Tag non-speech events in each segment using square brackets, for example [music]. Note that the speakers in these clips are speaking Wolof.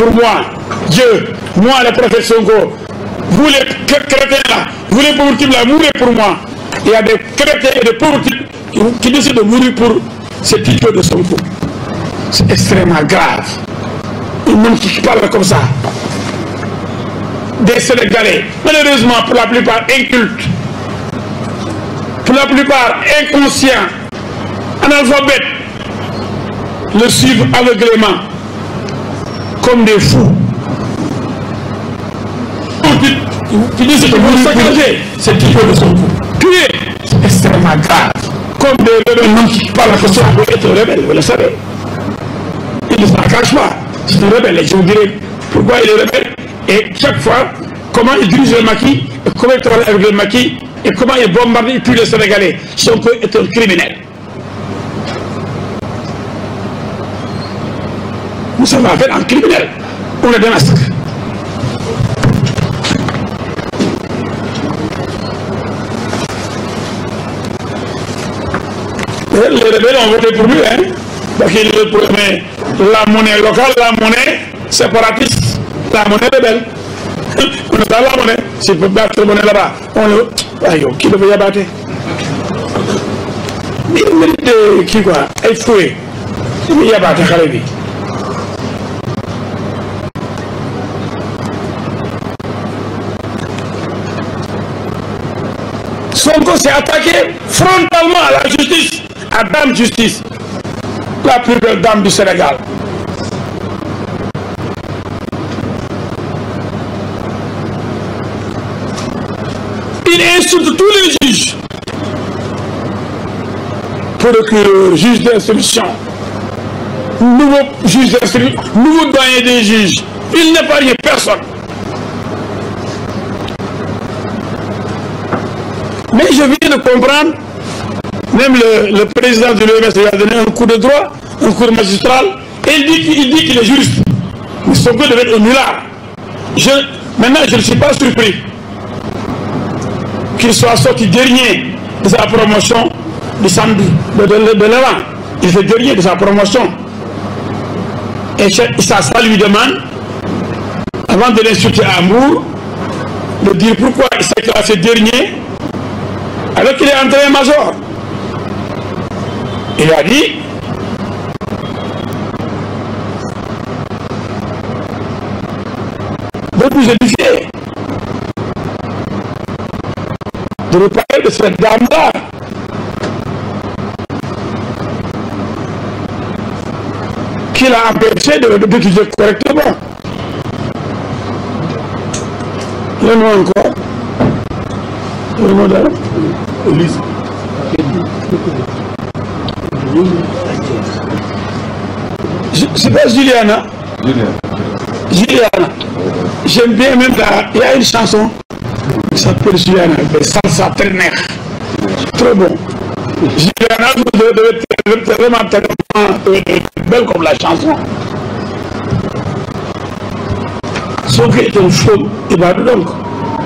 pour moi, Dieu, moi le prophète Sonko, vous les chrétiens là, vous les pauvres types là, mourez pour moi. Il y a des chrétiens et des pauvres qui décident de mourir pour ce titre de Sonko. C'est extrêmement grave. Une monde qui parle comme ça. Des Sénégalais, malheureusement pour la plupart incultes, pour la plupart inconscients, analphabètes, le suivent aveuglément. comme des fous. Qui dit que vous c'est tuer de son coup. Tuer, c'est extrêmement grave. Comme des rebelles qui parlent que ça rebelle, vous le savez. Il ne s'engage C'est un rebelle. je vous dirai pourquoi il est rebelle. Et chaque fois, comment il dirige le maquis, et comment il travaille avec le maquis, et comment il bombarde et tue les Sénégalais. Sonko est un criminel. nous sommes avec un criminel. On le démasque. Les rebelles ont voté pour lui, hein, parce qu'il le promet la monnaie locale, la monnaie séparatiste, la monnaie rebelle. [laughs] On n'a pas la monnaie, s'il peut battre la monnaie là-bas, on le... Aïe, ah, qui le veut y abattre Il mérite de... Euh, kii quoi ay fouet. mu yabaate xale bi Sonko s'est attaqué frontalement à la justice, à Dame Justice, la plus belle dame du Sénégal. Il insulte tous les juges, procureur, juge juge d'instruction, nouveau doyen des juges. Il n'épargne personne. Mais je viens de comprendre, même le, le président de l'OMS lui a donné un cours de droit, un cours magistral, et il dit, il qu'il est juste. Mais son cours devait être un mulard. Je, ne suis pas surpris qu'il soit sorti dernier de sa promotion du samedi, de, l'avant. Il fait dernier de sa promotion. Et ça, lui demande, avant de l'insulter à Amour, de dire pourquoi il s'est classé dernier alors qu'il est en major. Il a dit beaucoup édifiés de nous parler de cette dame-là. qui l'a empêché de d'étudier correctement. Le nom encore. Le nom polisi c'est pas Juliana Juliana j'aime bien même là il a une chanson s'appelle Juliana salsa très neex très bon Juliana c'est vraiment tellement belle comme la chanson Sonko est une femme, il va donc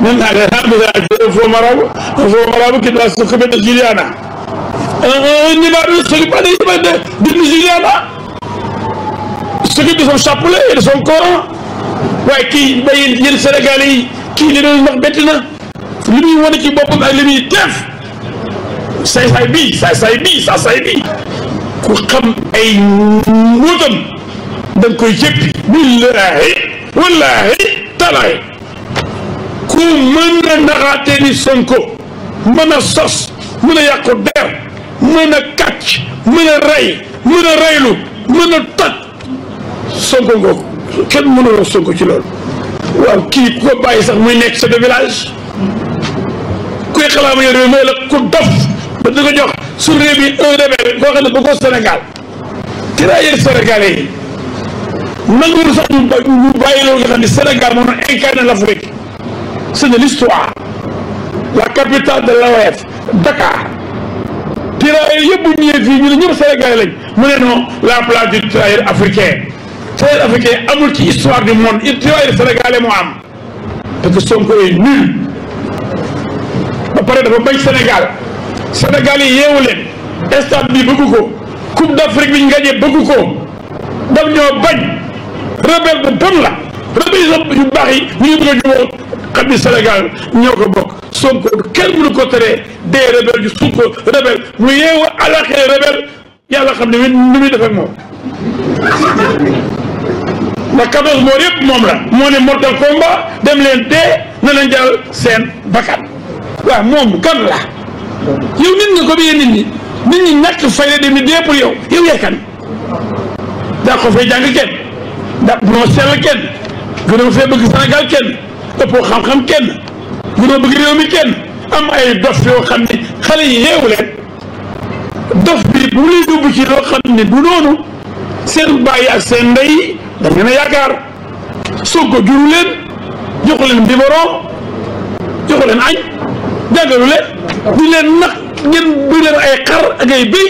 من هذا فهو مرابو فهو مرابو كده سخبة جيليانا إني ما أدري سخبة دي بند دين جيليانا سخبة سون شابولة سون كورا وكي بين جيل سرقالي كي لنو مقبتنا لمي وانا كي بابم لمي تف ساي ساي بي ساي ساي بي ساي ساي بي ku xam ay wutam da nga koy jëppi billaahi wallaahi talaahi ku mën a naxaatee ni Sonko mën a sos mën a yàqu der mën a kàcc mën a rey mën a reylu mën a toj Sonko ngoo kenn mënuloo Sonko ci loolu waaw kii ku ko bàyyi sax muy nekk chef de village kuy xalaat ma yor réew mooy la ku dof ba di ko jox su réew bi un rebelle koo xam ne bu ko Sénégal tirailleurs sénégalais yi nanguwul sax ñu bàyyi loolu nga xam ne Sénégal moo ñu incarné l'Afrique c'est de l'histoire la capitale de l'OF Dakar tirailleur yëpp bu ñëwee fii ñu ne ñëpp Sénégalais lañ ne non la place du tirailleur africain tirailleur africain amul ci histoire du monde il tirailleur dafa bañ Sénégal Sénégal yi yeewu leen stade bi bëgg coupe d'Afrique bi ñu gagné bëgg ko ñoo bañ rebelle bu bon la rebelle baax yi ñu ngi bëgg a jubóo xam ni Sénégal ñoo ko bokk Sonko kenn mënu ko teree dee rebelle ju Sonko rebelle mu yeewu alaxee rebelle yàlla xam ne ni muy defee moom ndax quatorze morts yëpp moom la moo ne mortal combat dem leen dee na leen jaral seen bakkan waaw moom kan la yow nit nga ko biyee nit ñi nit ñi ñàkk fay la dem ni dee pour yow yow yaay kan daa ko fay jàng kenn daa bu ma sell kenn gën a fee bëgg Sénégal kenn ëppoo xam kenn mënoo bëgg réew mi kenn am ay dof yoo xam ne xale yi yeewu leen dof bi bu ci loo xam ne du noonu seen bàyyi ak seen ndey da ngeen a yaakaar soog ko juru leen jox leen biberon jox leen añ jàngalu leen di leen nag ay xar ak ay béy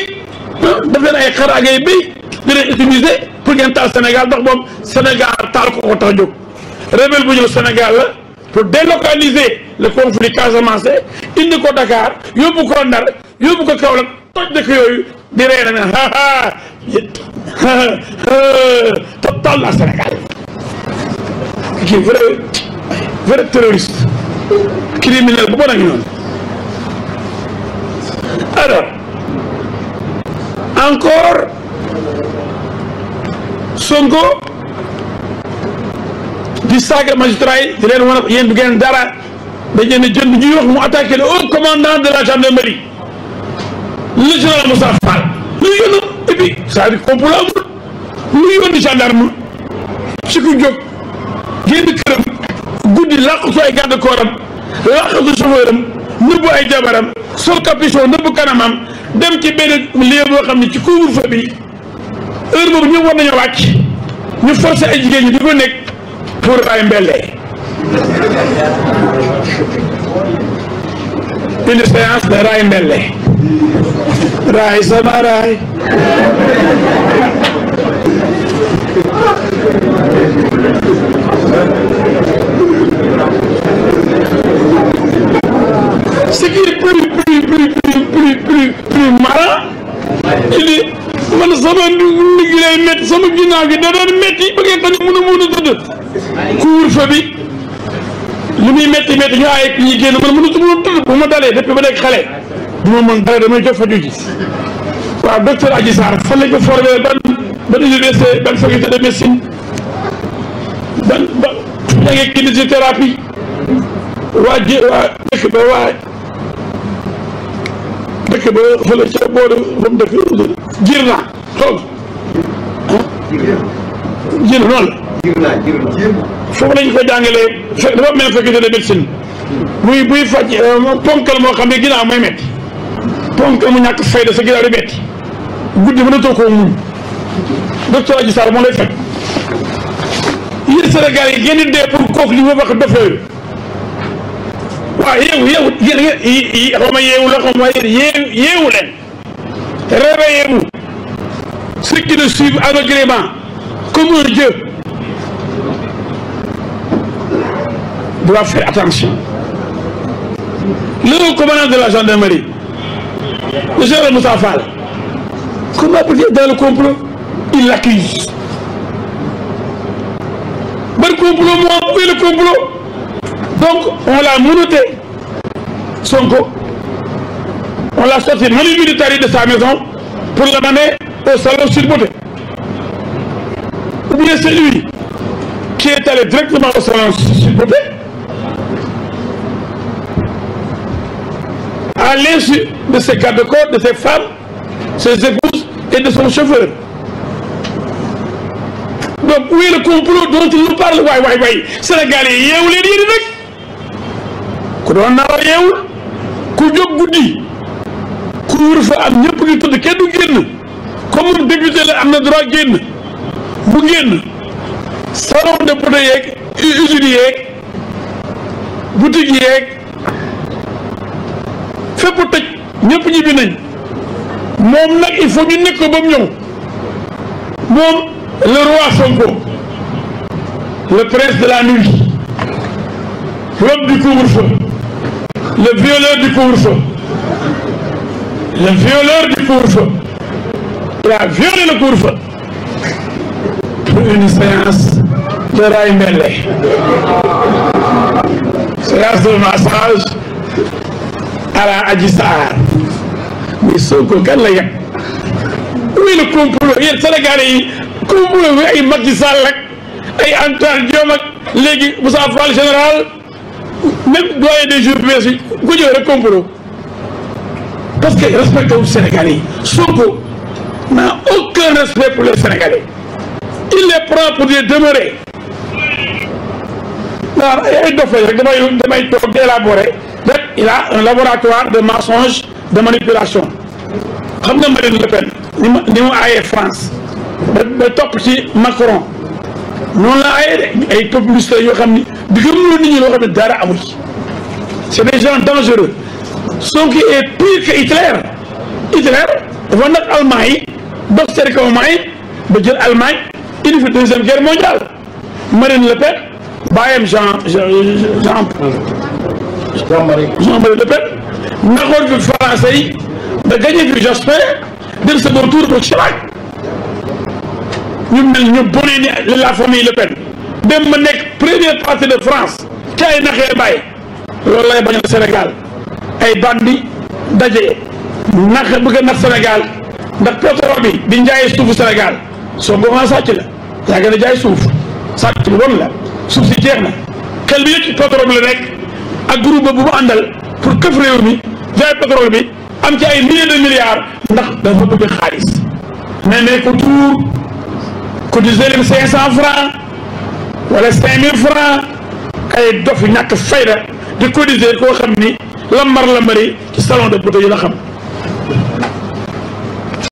ah, daf ay xar ak ay béy di leen utiliser pour ngeen taal Sénégal ndax moom Sénégal taal ko ko tax jóg rebelle bu ñëw Sénégal pour délocaliser le conflit Casamance indi ko Dakar yóbbu ko Ndar yóbbu ko Kaolack toj dëkk yooyu di ree na ne aa total la Sénégal kii vrai terroriste criminel bu bon ak ñoom alors encore Sonko di saaga magistrat yi di leen wan a yéen du ngeen dara dañ leen jënd ñuy wax mu attaqué le haut commandant de la gendarmerie le général Moussa Fall lu yónn et puis c'est-à-dire complot amul lu yónni ku jóg génn këram guddi làqatu ay garde corps am làqatu chauffeur am nëbbu ay jabaram sol capuchon nëbbu kanamam dem ci benn lieu boo xam ne ci couvre-feu bi heure boobu ñëpp war nañoo wàcc ñu forcé pour ray mbelle une séance de ray mbelle ray sama ray ce qui est plus plus plus plus plus plus plus marrant il est man sama ndugu day métti sama ginnaaw gi da doon métti ba ngeen a mën a tëdd couvre génn man mënatu mën a tëdd bu ma dalee depuis ba nekk xale du ma mën dara damay jox faju ji waaw docteur Adji Sarr fan lañ ko formé ban ban université ban faculté de médecine ban ba jàngee kinésithérapie waa ji waa dëkk ba waa dëkk ba fële ca booru ba mu dëkk toog jir noonu la foofu lañ ko jàngalee fekk dafa mel faculté de médecine muy buy faj euh, ponkal moo xam ne ginnaaw mooy métti ponkal mu ñàkk fayda sa ginnaaw di métti guddi mënatoo koo muñ docteur Adji Sarr moo lay faj yéen yi ngeen di dee pour kooku li ma wax dof yooyu yeewu yeewu yéen xaw yeewu ceux qui le suivent aveuglément, comme un Dieu, doivent faire attention. Le commandant de la gendarmerie, le général Moussa Fall, comment dans le complot Il l'accuse. Bon complot, moi, oui, le complot. Donc, on l'a menotté, Sonko. On l'a sorti non militaire de sa maison pour l'amener un salon sur beauté ou bien c'est lui qui directement au salon sur beauté de ses gardes de ses femmes ses épouses et de son chauffeur donc où est le complot dont il nous parle waay waay waay Sénégal yi yeewu leen yéen rek ku doon naaw yeewul ku jóg guddi ku wër fa am ñëpp ngi tëdd kenn du génn comme moom député la am na droit génn bu génn salon de poteau yeeg usine yeeg boutique yeeg fépp tëj nañ moom nag il faut ñu nekk ko ba le roi Sonko le prince de la nuit l'homme du couvre le violeur du couvre le violeur du couvre il a violé le couvre-feu pour une séance de de massage à la Adji Sarr mais Sonko kan la yàq oui le ay Macky ay Antoine Diome ak léegi Moussa Fall général même doyen des juges bi ku ñëw rek complot parce que respecté wu un respect pour les Sénégalais. il les prend pour des demeurés. waaw ay dof la rek il a un laboratoire de mensonge de manipulation xam nga Marine Le Pen ni mu ni mu aayee France ba ba ci Macron noonu la aayee de ay populistes yoo xam ni di gëmloo nit ñi loo dara amul ci des gens dangereux Sonko est pire que Hitler Hitler dafa nag dox seen kaw may ba jël Allemagne fi deuxième guerre Marine Le Pen bàyyam Jean Jean Le Pen naxoon fi français yi fi Jospin dem sa doon tour ba Chirac la famille Le Pen dem ma nekk premier parti de France ci ay naxee bàyyi loolu lay bañal bandi daje nax bëgg a nax Sénégal ndax pétrole bi di jaayee suufu Sénégal soo gouvernement sàcc la yaa gën a jaay suuf sàcc bi suuf si jeex na xel bi la nekk ak groupe bu mu àndal pour këf réew mi jaay pétrole am ci ay milliers de milliards ndax dafa bëgg xaalis mais ne ko tuur cotiser cinq cent francs wala cinq mille ay dof yu ñàkk fayda di cotiser koo xam ni lambar lambari ci salon de beauté yi xam